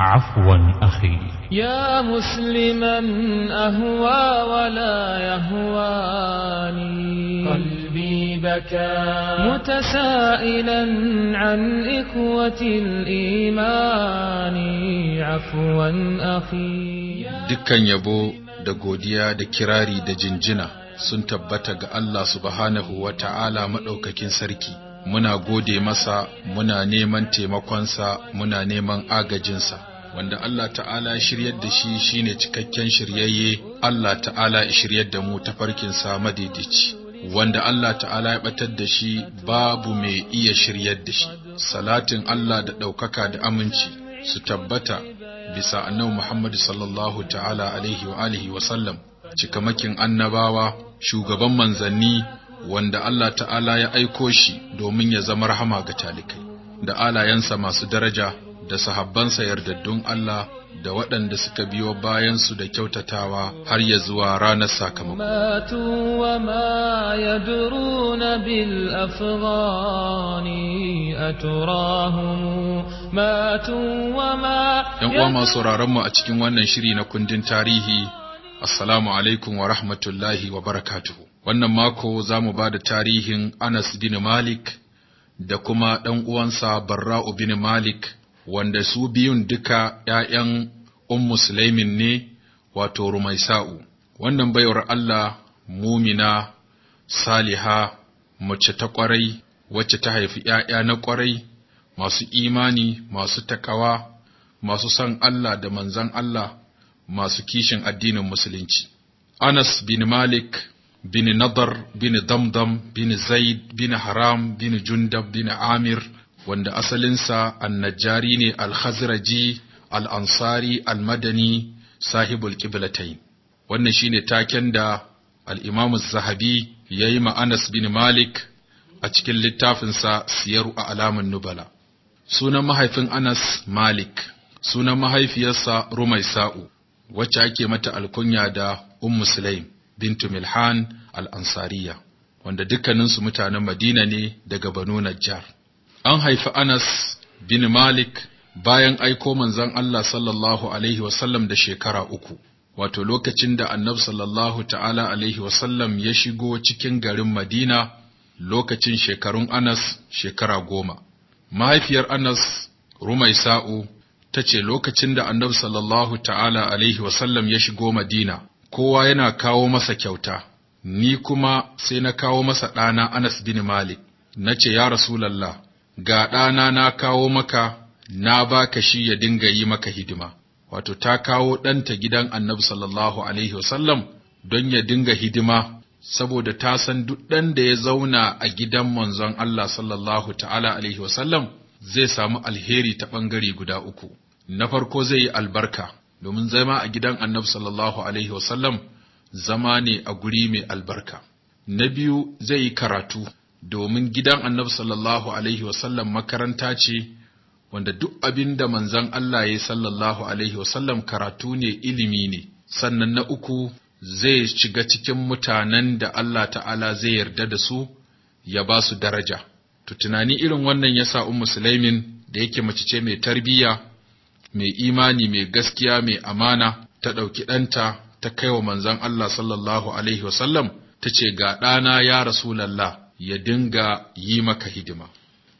عفوا أخي يا مسلما أهوى ولا يهواني قلبي بكى متسائلا عن إخوة الإيمان عفوا أخي دكا يبو دقوديا دكراري دجنجنة سنتبتك الله سبحانه وتعالى مدوكك سركي muna gode masa muna neman taimakonsa muna neman agajinsa wanda Allah ta'ala ya shiryar da shi shine cikakken shiryayye Allah ta'ala ya shiryar da mu ta farkin sa madidici wanda Allah ta'ala ya batar da shi babu mai iya shiryar da shi salatin Allah da ɗaukaka da aminci su tabbata bisa annabi Muhammad sallallahu ta'ala alaihi wa alihi wa sallam cikamakin annabawa shugaban manzanni wanda Allah ta'ala ya aiko shi domin ya zama rahama ga talikai da alayensa masu daraja da sahabbansa yardaddun Allah da waɗanda suka biyo bayansu da kyautatawa har ya zuwa ranar sakamako. wa ma uwa masu mu a cikin wannan shiri na kundin tarihi, Assalamu alaikum wa rahmatullahi wa barakatuhu. Wannan mako za mu ba da tarihin Anas bin Malik da kuma ɗan uwansa Barra'u bin Malik, wanda su biyun duka ‘ya'yan un ne, wato Rumaisa'u. Wannan baiwar Allah mumina, saliha, mace ta ƙwarai, wacce ta haifi ‘ya'ya na ƙwarai, masu imani, masu takawa, masu son Allah da manzan Allah, masu kishin addinin Musulunci. Anas bin Malik bin nadar bin damdam bin zaid bin haram bin jundab bin amir wanda asalinsa annajari ne Alhazraji, al-ansari al-madani sahibul qiblatain wannan shine taken da al-imam zahabi yayi ma Anas bin Malik a cikin littafinsa Siyaru a alamun nubala sunan mahaifin Anas Malik sunan mahaifiyarsa Rumaisa'u wacce ake mata alkunya da Ummu Sulaim bintu Milhan al-Ansariya wanda dukkaninsu mutanen Madina ne daga Banu Najjar. An haifi Anas bin Malik bayan aiko manzon Allah sallallahu alaihi wasallam da shekara uku. Wato lokacin da annabi sallallahu ta'ala alaihi wasallam ya shigo cikin garin Madina lokacin shekarun Anas shekara goma. Mahaifiyar Anas Rumaisa'u ta ce lokacin da annabi sallallahu ta'ala alaihi wasallam ya shigo Madina, kowa yana kawo masa kyauta, ni kuma sai na kawo masa ɗana Anas bin Malik, na ce, Ya Rasulallah, ga ɗana na kawo maka, na baka shi ya dinga yi maka hidima. Wato, ta kawo ɗanta gidan annabi sallallahu Alaihi wasallam don ya dinga hidima, saboda ta san duk ɗan da ya zauna a gidan manzon Allah sallallahu ta'ala Alaihi wasallam zai samu alheri ta ɓangare guda uku. Na farko zai yi albarka, domin zama a gidan annabi sallallahu alaihi wasallam zama ne a guri mai albarka na biyu zai yi karatu domin gidan annabi sallallahu alaihi wasallam makaranta ce wanda duk abin da manzon Allah ya sallallahu alaihi wasallam karatu ne ilimi ne sannan na uku zai shiga cikin mutanen da Allah ta'ala zai yarda da su ya ba su daraja to tunani irin wannan yasa ummu sulaimin da yake mace ce mai tarbiyya mai imani mai gaskiya mai amana ta ɗauki ɗanta ta kai wa manzan Allah sallallahu alaihi wasallam ta ce ga ɗana ya rasulallah ya dinga yi maka hidima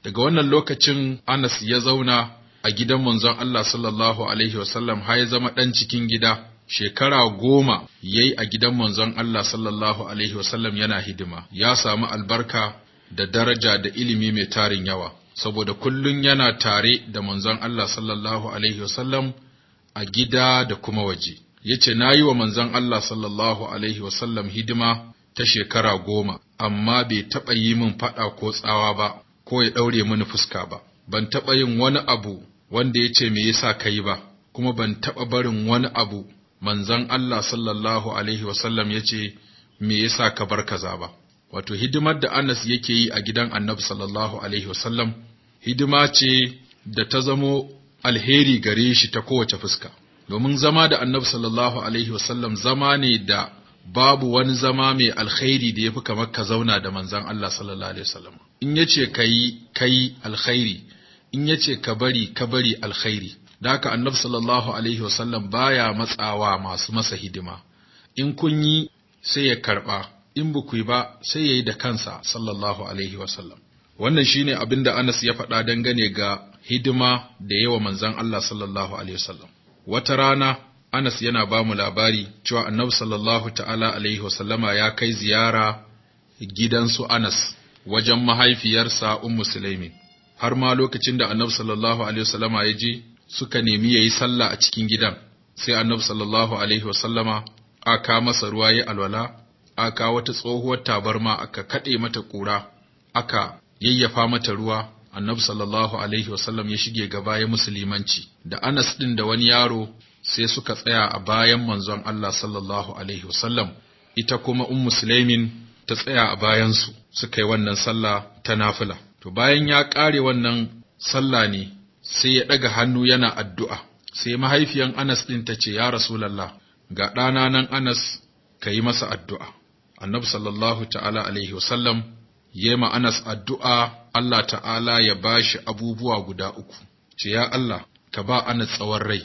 daga wannan lokacin Anas ya zauna a gidan manzan Allah sallallahu alaihi wasallam har ya zama ɗan cikin gida shekara goma ya yi a gidan manzan Allah sallallahu alaihi wasallam yana hidima ya samu albarka da daraja da ilimi mai tarin yawa saboda kullum yana tare da manzon Allah sallallahu alaihi wasallam a gida da kuma waje. yace ce, Na yi wa manzon Allah sallallahu alaihi wasallam hidima ta shekara goma, amma bai taɓa yi min faɗa ko tsawa ba, ko ya ɗaure mini fuska ba. Ban taɓa yin wani abu wanda ya ce me yasa ka yi ba, kuma ban taɓa barin wani abu manzon Allah sallallahu alaihi wasallam ya Me yasa ka bar kaza ba? Wato hidimar da Anas yake yi a gidan Annabi sallallahu alaihi wasallam hidima ce da ta zamo alheri gare shi ta kowace fuska domin zama da annabi sallallahu alaihi wasallam zama ne da babu wani zama mai alkhairi da ya fi kamar ka zauna da manzan Allah sallallahu alaihi wasallam in yace kayi kayi alkhairi in yace ka bari ka bari alkhairi da haka annabi sallallahu alaihi wasallam baya matsawa masu masa hidima in kun yi sai ya karɓa, in ba ba sai ya yi da kansa sallallahu alaihi wasallam Wannan shine abin da Anas ya faɗa dangane ga hidima da yawa manzan Allah sallallahu alaihi wasallam. Wata rana Anas yana ba mu labari cewa Annabi sallallahu ta'ala alaihi wasallama ya kai ziyara gidansu Anas wajen mahaifiyarsa Ummu Sulaimi. Har ma lokacin da Annabi sallallahu alaihi wasallama ya je suka nemi yayi sallah a cikin gidan. Sai Annabi sallallahu alaihi wasallama aka masa ruwa ya alwala, aka wata tsohuwar tabarma aka kaɗe mata ƙura, aka yayyafa mata ruwa annabi sallallahu alaihi wasallam ya shige gaba ya musulmanci da Anas din da wani yaro sai suka tsaya a bayan manzon Allah sallallahu alaihi wasallam ita kuma ummu sulaimin ta tsaya a bayan su suka yi wannan sallah ta nafila to bayan ya kare wannan sallah ne sai ya daga hannu yana addu'a sai mahaifiyan Anas din ta ce ya rasulullah ga ɗana nan Anas ka yi masa addu'a annabi sallallahu ta'ala alaihi wasallam yi Anas addu'a Allah ta'ala ya ba shi abubuwa guda uku, ce ya Allah, ka ba Anas tsawon rai,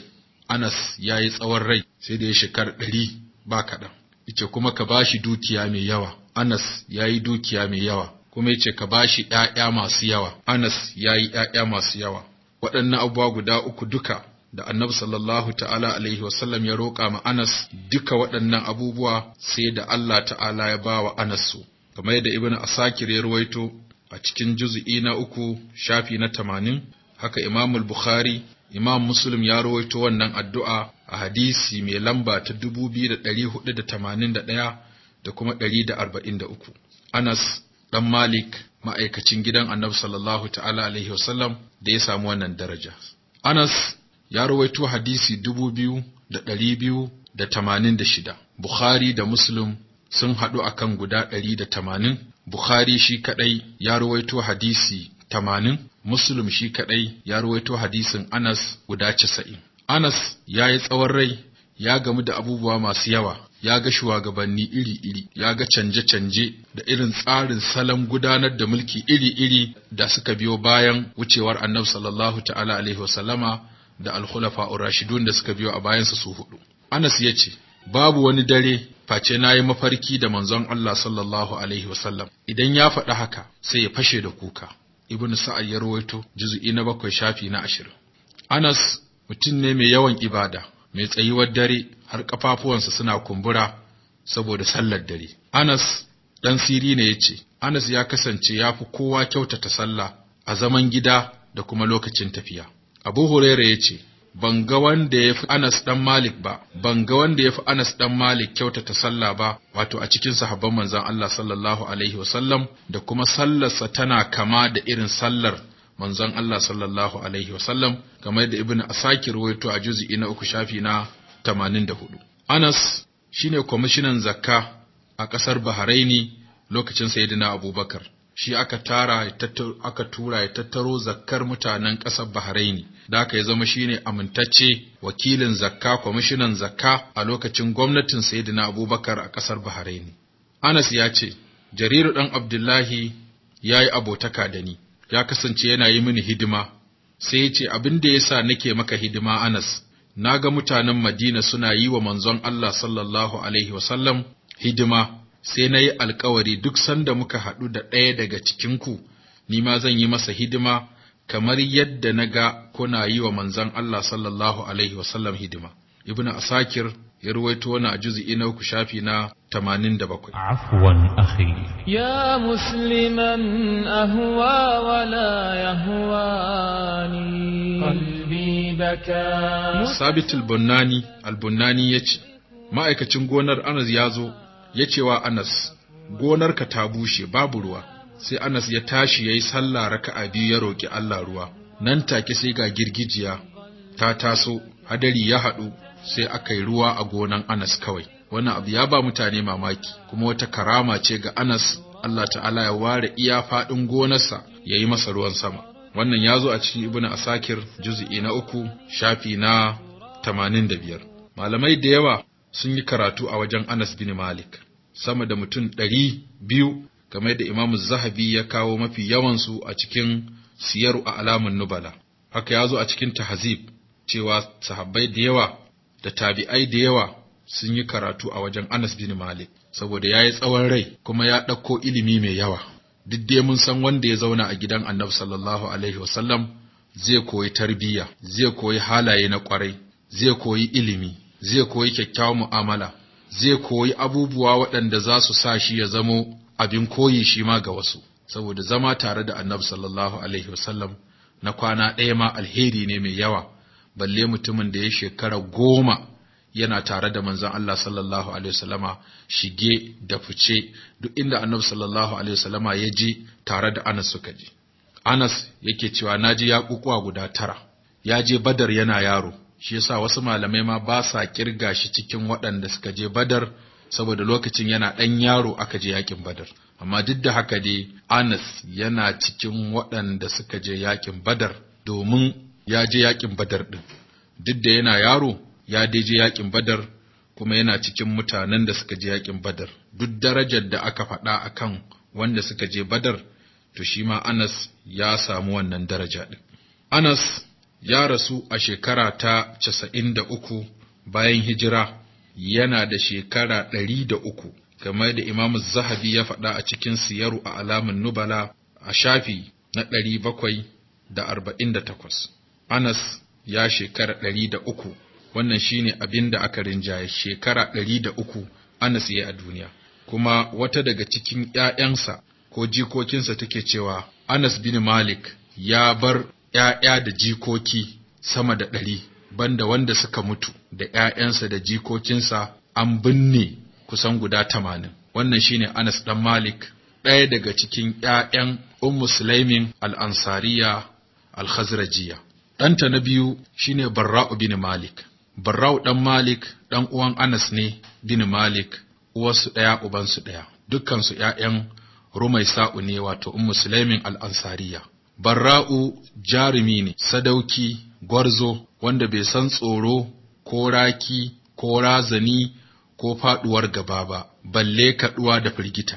Anas ya yi tsawon rai sai da ya shekar ɗari ba kaɗan, ice kuma ka ba shi dukiya mai yawa, Anas ya yi dukiya mai yawa, kuma ya ce ka ba shi ‘ya'ya masu yawa, Anas ya yi ‘ya'ya masu yawa. Waɗannan abubuwa guda uku duka da annabi sallallahu ta'ala alaihi wasallam ya roƙa ma Anas duka waɗannan abubuwa sai da Allah ta'ala ya ba wa Anas su. kamar yadda Ibn Asakir ya ruwaito a cikin juz'i na uku shafi na tamanin, haka Imam Bukhari, Imam Muslim ya ruwaito wannan addu'a a hadisi mai lamba ta 2481 da kuma 143. Anas ɗan Malik ma'aikacin gidan Annabi sallallahu ta'ala alaihi wasallam da ya samu wannan daraja. Anas ya rawaito hadisi 2286 Bukhari da Muslim sun haɗu kan guda ɗari da tamanin, Bukhari shi kaɗai ya ruwaito hadisi tamanin, Muslim shi kaɗai ya ruwaito hadisin Anas guda casa'in. Anas ya yi tsawon rai ya gamu da abubuwa masu yawa, ya ga shugabanni iri-iri, ya ga canje-canje da irin tsarin salon gudanar da mulki iri-iri da suka biyo bayan wucewar annabi sallallahu ta'ala alaihi wasallama da alkhulafa rashidun da suka biyo a bayansa su hudu. Anas ya ce, babu wani dare face na yi mafarki da manzon Allah sallallahu alaihi wasallam idan ya faɗi haka sai ya fashe da kuka ibn sa'ad ya rawaito na bakwai shafi na ashirin Anas mutum ne mai yawan ibada mai tsayuwar dare har ƙafafuwansa suna kumbura saboda sallar dare Anas ɗan siri ne ya ce. Anas ya kasance ya fi kowa kyautata sallah a zaman gida da kuma lokacin tafiya Abu Hurairah ce. ban ga wanda ya fi Anas ɗan Malik ba, ban ga wanda ya fi Anas ɗan Malik kyautata sallah ba, wato a cikin sahabban manzan Allah sallallahu Alaihi wasallam da kuma sallarsa tana kama da irin sallar manzan Allah sallallahu Alaihi wasallam, kamar da Ibn Asakir waito a juzi'i na uku shafi na tamanin da hudu. Anas shine kwamishinan zakka a ƙasar Bahraini lokacin Sayyidina Abubakar. shi aka tara aka tura ya tattaro zakkar mutanen ƙasar Bahraini da aka ya zama shine amintacce wakilin zakka kwamishinan zakka a lokacin gwamnatin Sayyidina Abubakar a ƙasar Bahraini Anas ya ce Jariru dan Abdullahi ya yi abotaka da ni ya kasance yana yi mini hidima sai ya ce abin da yasa nake maka hidima Anas naga mutanen Madina suna yi wa manzon Allah sallallahu alaihi wasallam hidima sai na yi alkawari duk sanda muka haɗu da ɗaya daga cikinku, ni ma zan yi masa hidima kamar yadda na ga kuna yi wa manzan Allah sallallahu Alaihi wasallam hidima. Ibn Asakir ya ruwaito wani a juzi na uku shafi na 87. Ya musliman ahuwa wa la yahwani. Qalbi baka. Sabit al bonnani al ce, yace ma'aikacin gonar Anas ya zo ya ce wa Anas, Gonarka ta bushe babu ruwa, sai Anas ya tashi ya yi sallah raka'a biyu ya roƙi Allah ruwa, nan take sai ga girgijiya ta taso, hadari ya haɗu sai aka yi ruwa a gonan Anas kawai. Wannan abu ya ba mutane mamaki, kuma wata karama ce ga Anas Allah ta'ala ya ware iya faɗin gonarsa ya yi masa ruwan sama. Wannan ya zo a cikin Ibn Asakir, juzi'i na uku, shafi na tamanin da biyar. Malamai da yawa sun yi karatu a wajen Anas bin Malik sama da mutum ɗari biyu game da Imam Zahabi ya kawo mafi yawansu a cikin siyar a alamun nubala haka ya zo a cikin tahazib cewa sahabbai da yawa da tabi'ai da yawa sun yi karatu a wajen Anas bin Malik saboda ya yi tsawon rai kuma ya ɗauko ilimi mai yawa duk da mun san wanda ya zauna a gidan Annabi sallallahu alaihi wasallam zai koyi tarbiyya zai koyi halaye na kwarai zai koyi ilimi zai koyi kyakkyawar mu'amala zai koyi abubuwa waɗanda za su sa shi ya zamo abin koyi shi ma ga wasu saboda zama tare da annabi sallallahu alaihi wasallam na kwana ɗaya ma alheri ne mai yawa balle mutumin da ya shekara goma yana tare da manzon Allah sallallahu alaihi wasallama shige da fice duk inda annabi sallallahu alaihi wasallama ya je tare da Anas suka je Anas yake cewa naji ya kukuwa guda tara ya je Badar yana yaro shi yasa wasu malamai ma ba sa kirga shi cikin waɗanda suka je badar saboda lokacin yana ɗan yaro aka je yakin badar amma duk da haka dai anas yana cikin waɗanda suka je yakin badar domin ya je yakin badar ɗin duk da yana yaro ya dai je yakin badar kuma yana cikin mutanen da suka je yakin badar duk darajar da aka faɗa akan wanda suka je badar to shi ma anas ya samu wannan daraja ɗin anas ya rasu a shekara ta casa'in da uku bayan hijira yana da shekara ɗari da uku, kamar da imamu Zahabi ya faɗa a cikin siyaru a alamun Nubala a shafi na ɗari bakwai da arba'in da takwas. Anas ya shekara ɗari da uku, wannan shine abin da aka rinjaye shekara ɗari da uku Anas ya a duniya. Kuma wata daga cikin ‘ya'yansa ko jikokinsa take cewa Anas bin Malik ya bar ‘ya'ya da jikoki sama da ɗari, banda wanda suka mutu da ‘ya'yansa da jikokinsa an binne kusan guda tamanin. Wannan shine Anas ɗan Malik, ɗaya daga cikin ‘ya'yan Ummu Musulaimin al'ansariya al-Khazrajiya. Ɗanta na biyu shine Barra'u bin Malik. Barra'u ɗan Malik ɗan uwan Anas ne bin Malik, uwarsu ɗaya ubansu ɗaya, dukkansu ‘ya'yan Rumai Sa'u ne wato Ummu al-ansariya. Barra'u jarumi ne, sadauki, gwarzo, wanda bai san tsoro ko raki ko razani ko faɗuwar gaba ba, balle kaɗuwa da firgita.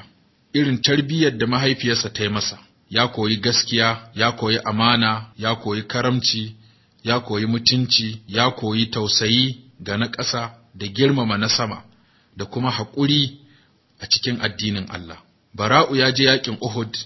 Irin tarbiyyar da mahaifiyarsa ta yi masa, ya koyi gaskiya, ya koyi amana, ya koyi karamci, ya koyi mutunci, ya koyi tausayi ga na ƙasa da girmama na sama, da kuma haƙuri a cikin addinin Allah. Bara'u ya je yaƙin Uhud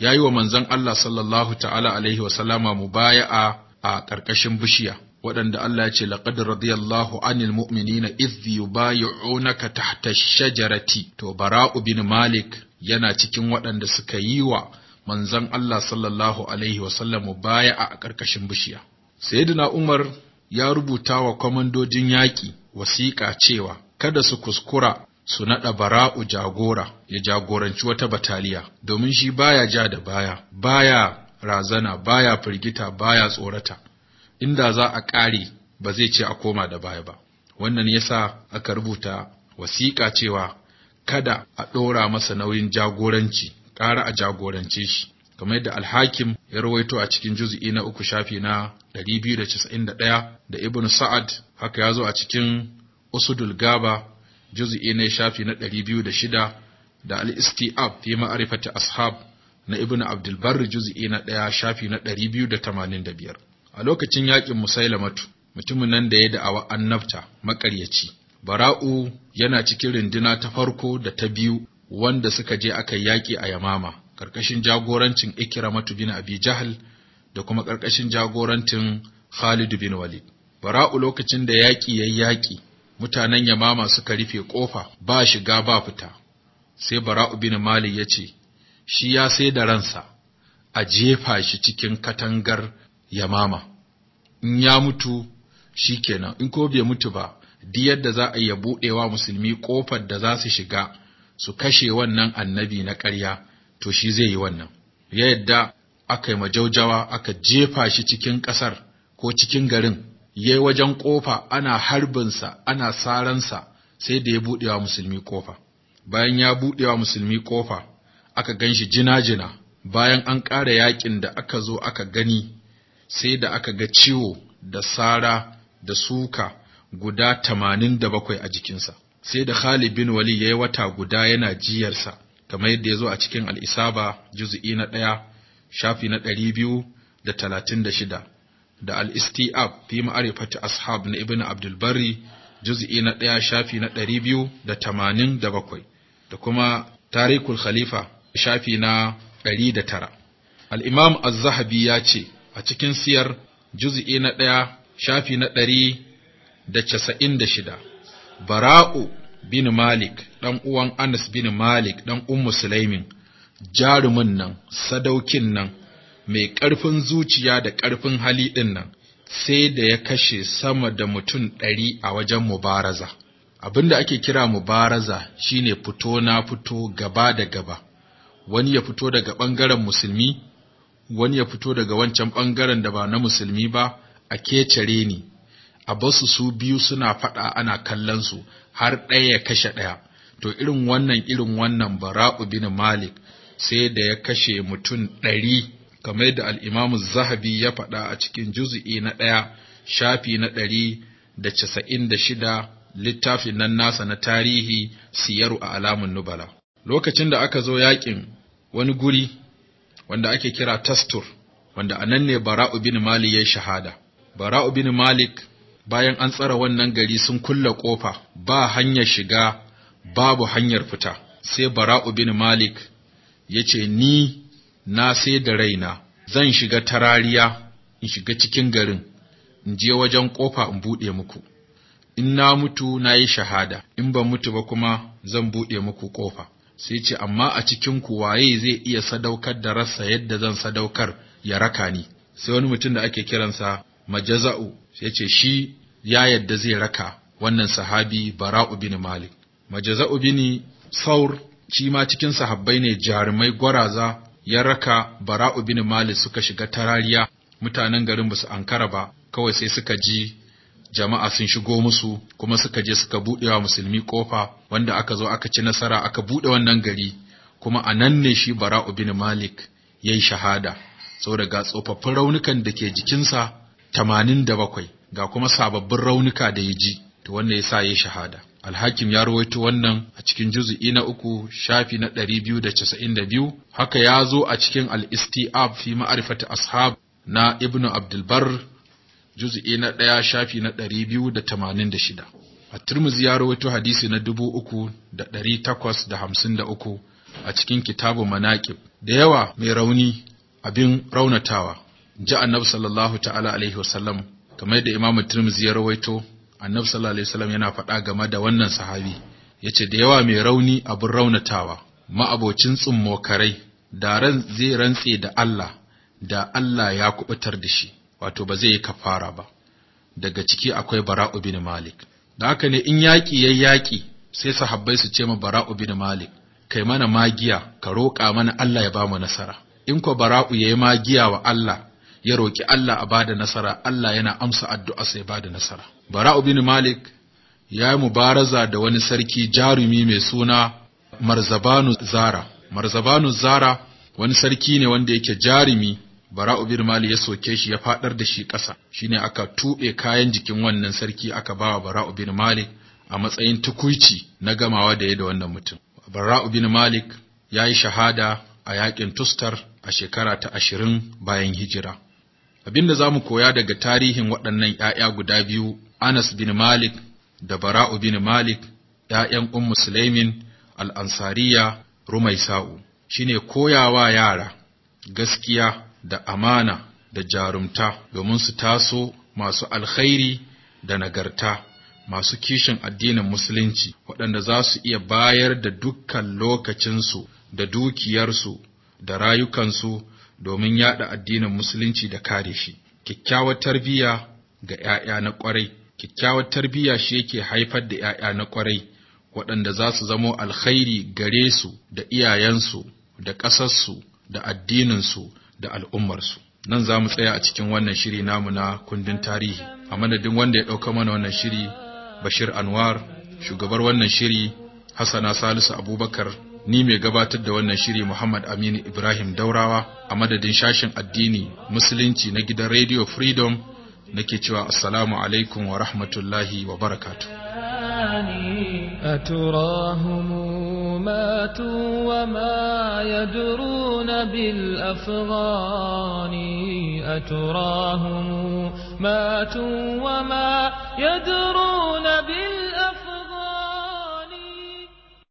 ya yi wa manzon Allah sallallahu ta'ala alaihi mu mubaya'a a ƙarƙashin bishiya waɗanda Allah ya ce laqad radiyallahu anil mu'minina idh yubayyi'unaka tahta shajarati to bara'u bin malik yana cikin waɗanda suka yi wa manzon Allah sallallahu alaihi wa mu mubaya'a a ƙarƙashin bishiya sayyidina Umar ya rubuta wa kwamandojin yaƙi wasiƙa cewa kada su kuskura su naɗa bara'u jagora ya jagoranci wata bataliya domin shi baya ja da baya baya razana baya firgita baya tsorata inda za a ƙare ba zai ce a koma da baya ba wannan yasa aka rubuta wasiƙa cewa kada a ɗora masa nauyin jagoranci ƙara a jagorance shi kamar yadda alhakim ya rawaito a cikin juzu'i na uku shafi na 291 da da ibn sa'ad haka ya zo a cikin usudul gaba juz'i ne shafi na biyu da shida da al-istiab fi ma'rifati ashab na ibnu abdul barr juz'i na 1 shafi na biyar. a lokacin yakin musailamatu mutumin nan da ya da'awa annabta maƙaryaci. bara'u yana cikin rinduna ta farko da ta biyu wanda suka je aka yaƙi a yamama ƙarƙashin jagorancin ikramatu bin abi jahl da kuma ƙarƙashin jagorancin khalid bin walid bara'u lokacin da yaƙi ya yaƙi mutanen yamama suka rufe ƙofa ba shiga ba fita sai bara'u bin mali ya ce shi ya sai da ransa a jefa shi cikin katangar yamama in ya mutu shi kenan in ko bai mutu ba di yadda za a iya buɗewa musulmi ƙofar da za su shiga su kashe wannan annabi na ƙarya to shi zai yi wannan ya yadda aka yi majaujawa aka jefa shi cikin ƙasar ko cikin garin ya yi wajen ƙofa ana harbinsa ana saransa sai da ya buɗewa musulmi ƙofa. Bayan ya buɗewa musulmi ƙofa aka gan shi jina-jina bayan an ƙara yaƙin da aka zo aka gani sai da aka ga ciwo da sara da suka guda tamanin da bakwai a jikinsa. Sai da Khalid bin Wali ya yi wata guda yana jiyarsa kamar yadda ya zo a cikin al'isaba juzu'i na ɗaya shafi na ɗari biyu da talatin da shida. da al-istiab fi ma'arifati ashab na ibnu abdul barri juz'i na 1 shafi na 287 da da kuma tarikul khalifa shafi na tara. al-imam az-zahabi ya ce a cikin siyar juz'i na 1 shafi na shida, bara'u bin malik ɗan uwan anas bin malik ɗan ummu sulaimin jarumin nan sadaukin nan mai ƙarfin zuciya da ƙarfin hali ɗin nan sai da ya kashe sama da mutum ɗari a wajen mubaraza. Abin da ake kira mubaraza shine fito na fito gaba da gaba, wani ya fito daga ɓangaren musulmi, wani ya fito daga wancan ɓangaren da ba na musulmi ba a kecare ni, a basu su biyu suna faɗa ana kallon su har ɗaya ya kashe ɗaya. To irin wannan irin wannan bara'u bin Malik sai da ya kashe mutum ɗari kamar yadda al'imamu zahabi ya faɗa a cikin juzu'i na ɗaya shafi na ɗari da casa'in da shida littafin nan nasa na tarihi siyaru a alamun nubala lokacin da aka zo yaƙin wani guri wanda ake kira tastur wanda a nan ne bara'u bin malik ya shahada bara'u bin malik bayan an tsara wannan gari sun kulle ƙofa ba hanyar shiga babu hanyar fita sai bara'u bin malik ya ce ni na sai da raina zan shiga tarariya in shiga cikin garin in je wajen ƙofa in buɗe muku in na mutu na yi shahada in ban mutu ba kuma zan buɗe muku ƙofa sai ce amma a cikin waye zai iya sadaukar da rassa yadda zan sadaukar ya raka ni sai wani mutum da ake kiransa majaza'u sai ce shi ya yadda zai raka wannan sahabi bara'u bin malik majaza'u bin saur shi ma cikin sahabbai ne jarumai gwaraza ya raka Bara'u bin Malik suka shiga tarariya mutanen garin ba su ankara ba kawai sai suka ji jama'a sun shigo musu kuma suka je suka buɗewa musulmi kofa wanda aka zo aka ci nasara aka buɗe wannan gari kuma a nan ne shi Bara'u bin Malik ya yi shahada sau daga tsofaffin raunukan da ke jikinsa tamanin da bakwai ga kuma sababbin raunuka da ya ji to wanda ya sa ya yi shahada Alhakim ya rawaito wannan a cikin juzu'i na uku shafi na ɗari biyu da casa'in da biyu, haka ya zo a cikin al-istiab fi ma'arifata ashab na Ibn Abdulbar juzu'i na ɗaya shafi na ɗari biyu da tamanin da shida. A Turmuzi ya rawaito hadisi na dubu uku da ɗari takwas da hamsin da uku a cikin kitabu manaƙib da yawa mai rauni abin raunatawa. Ji annabi sallallahu ta'ala alaihi wasallam kamar da imamu Turmuzi ya rawaito annabi sallallahu alaihi wasallam yana faɗa game da wannan sahabi yace da yawa mai rauni abin raunatawa ma'abocin tsummokarai da ran zai rantse da Allah da Allah ya kubutar da shi wato ba zai yi kafara ba daga ciki akwai bara'u bin malik da haka ne in yaƙi yayi yaƙi sai sahabbai su ce ma bara'u bin malik kai mana magiya ka roƙa mana Allah ya ba mu nasara in ko bara'u yayi magiya wa Allah ya roki Allah a bada nasara Allah yana amsa addu'a sai bada nasara Bara'u bin Malik ya yi mubaraza da wani sarki jarumi mai suna Marzabanu Zara Marzabanu Zara wani sarki ne wanda yake jarumi Bara'u bin Malik ya soke shi ya fadar da shi ƙasa shine aka tuɓe kayan jikin wannan sarki aka bawa Bara'u bin Malik a matsayin tukuici na gamawa da ya da wannan mutum Bara'u bin Malik ya yi shahada a yaƙin Tustar a shekara ta ashirin bayan hijira. Abin da za mu koya daga tarihin waɗannan ‘ya'ya guda biyu, Anas bin Malik da Bara'u bin Malik, ‘ya'yan ƙun Sulaimin al'ansariya sau shi ne koyawa yara gaskiya da amana da jarumta domin su taso masu alkhairi da nagarta, masu kishin addinin Musulunci, waɗanda za su iya bayar da dukkan lokacinsu da dukiyarsu da rayukansu domin yada addinin musulunci da kare shi kyakkyawar tarbiyya ga 'ya'ya na kwarai kyakkyawar tarbiyya shi yake haifar da 'ya'ya na kwarai waɗanda za su zamo alkhairi gare su da iyayensu da ƙasarsu da addininsu da al'ummarsu nan za mu tsaya a cikin wannan shiri namu na kundin tarihi a madadin wanda ya ɗauka mana wannan shiri bashir anwar shugabar wannan shiri hassana salisu abubakar ni mai gabatar da wannan shiri Muhammad Aminu Ibrahim Daurawa a madadin shashin addini musulunci na gidan Radio Freedom nake cewa assalamu alaikum wa rahmatullahi wa barakatuh أتراهم ماتوا وما يدرون بالأفغان أتراهم ماتوا وما يدرون بالأفغان